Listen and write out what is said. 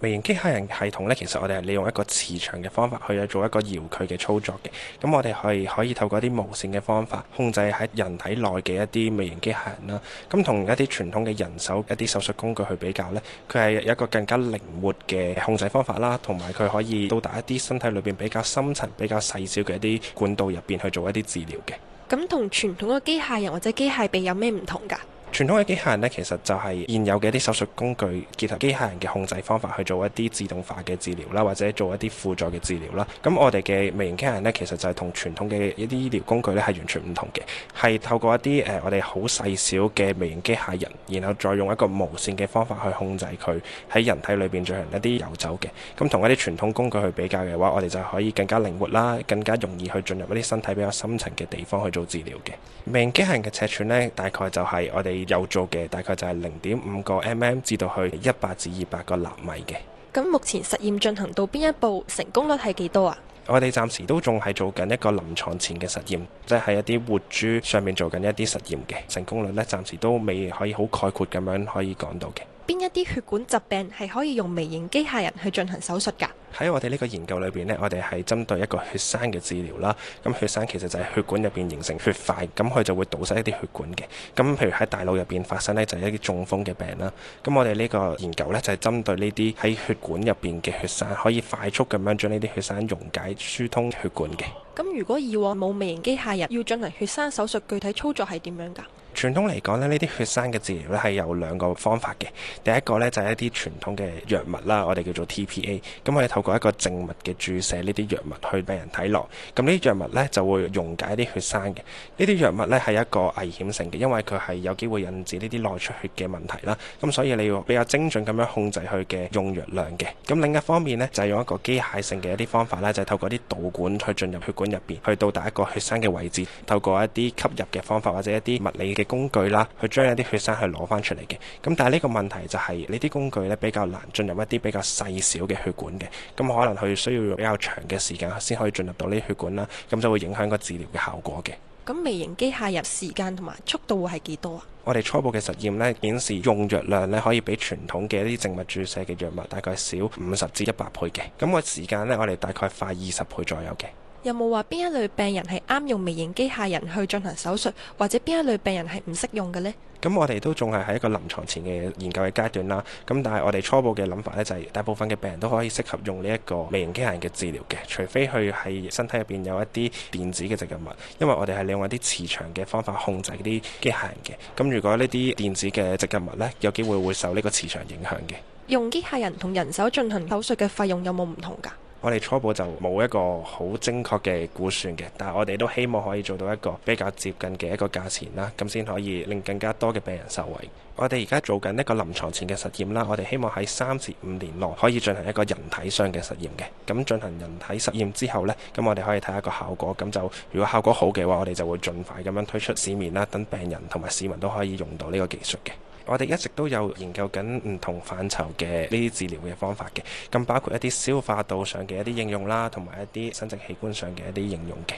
微型機械人系統呢，其實我哋係利用一個磁場嘅方法去做一個遙距嘅操作嘅。咁我哋係可，可以透過一啲無線嘅方法控制喺人體內嘅一啲微型機械人啦。咁、啊、同一啲傳統嘅人手一啲手術工具去比較呢，佢係有一個更加靈活嘅控制方法啦，同埋佢可以到達一啲身體裏邊比較深層、比較細小嘅一啲管道入邊去做一啲治療嘅。咁同傳統嘅機械人或者機械臂有咩唔同㗎？傳統嘅機械人呢，其實就係現有嘅一啲手術工具結合機械人嘅控制方法，去做一啲自動化嘅治療啦，或者做一啲輔助嘅治療啦。咁我哋嘅微型機械人呢，其實就係同傳統嘅一啲醫療工具呢係完全唔同嘅，係透過一啲誒我哋好細小嘅微型機械人，然後再用一個無線嘅方法去控制佢喺人體裏邊進行一啲遊走嘅。咁同一啲傳統工具去比較嘅話，我哋就可以更加靈活啦，更加容易去進入一啲身體比較深層嘅地方去做治療嘅。微型機械人嘅尺寸呢，大概就係我哋。有做嘅大概就係零點五個 mm 至到去一百至二百個納米嘅。咁目前實驗進行到邊一步，成功率係幾多啊？我哋暫時都仲係做緊一個臨床前嘅實驗，即係一啲活豬上面做緊一啲實驗嘅。成功率呢，暫時都未可以好概括咁樣可以講到嘅。邊一啲血管疾病係可以用微型機械人去進行手術㗎？喺我哋呢個研究裏邊呢，我哋係針對一個血栓嘅治療啦。咁血栓其實就係血管入邊形成血塊，咁佢就會堵塞一啲血管嘅。咁譬如喺大腦入邊發生呢，就係一啲中風嘅病啦。咁我哋呢個研究呢，就係針對呢啲喺血管入邊嘅血栓，可以快速咁樣將呢啲血栓溶解、疏通血管嘅。咁如果以往冇微型機械人，要進行血栓手術，具體操作係點樣㗎？傳統嚟講呢，呢啲血栓嘅治療呢係有兩個方法嘅。第一個呢，就係一啲傳統嘅藥物啦，我哋叫做 TPA。咁我哋透過一個靜脈嘅注射呢啲藥物去病人體內。咁呢啲藥物呢，就會溶解一啲血栓嘅。呢啲藥物呢，係一個危險性嘅，因為佢係有機會引致呢啲內出血嘅問題啦。咁所以你要比較精準咁樣控制佢嘅用藥量嘅。咁另一方面呢，就係、用一個機械性嘅一啲方法啦，就係、透過啲導管去進入血管入邊，去到第一個血栓嘅位置，透過一啲吸入嘅方法或者一啲物理嘅。工具啦，去將一啲血栓去攞翻出嚟嘅。咁但係呢個問題就係、是，呢啲工具呢比較難進入一啲比較細小嘅血管嘅。咁、嗯、可能佢需要用比較長嘅時間先可以進入到呢啲血管啦。咁、嗯、就會影響個治療嘅效果嘅。咁微型機械入時間同埋速度會係幾多啊？我哋初步嘅實驗呢，顯示用藥量呢可以比傳統嘅一啲靜脈注射嘅藥物大概少五十至一百倍嘅。咁、嗯這個時間呢，我哋大概快二十倍左右嘅。有冇話邊一類病人係啱用微型機械人去進行手術，或者邊一類病人係唔適用嘅呢？咁、嗯、我哋都仲係喺一個臨床前嘅研究嘅階段啦。咁、嗯、但係我哋初步嘅諗法呢，就係、是、大部分嘅病人都可以適合用呢一個微型機械人嘅治療嘅，除非佢係身體入邊有一啲電子嘅植入物，因為我哋係利用一啲磁場嘅方法控制啲機械人嘅。咁、嗯、如果呢啲電子嘅植入物呢，有機會會受呢個磁場影響嘅。用機械人同人手進行手術嘅費用有冇唔同㗎？我哋初步就冇一個好精確嘅估算嘅，但係我哋都希望可以做到一個比較接近嘅一個價錢啦，咁先可以令更加多嘅病人受惠。我哋而家做緊一個臨床前嘅實驗啦，我哋希望喺三至五年內可以進行一個人體上嘅實驗嘅。咁進行人體實驗之後呢，咁我哋可以睇下個效果。咁就如果效果好嘅話，我哋就會盡快咁樣推出市面啦，等病人同埋市民都可以用到呢個技術嘅。我哋一直都有研究緊唔同範疇嘅呢啲治療嘅方法嘅，咁包括一啲消化道上嘅一啲應用啦，同埋一啲生殖器官上嘅一啲應用嘅。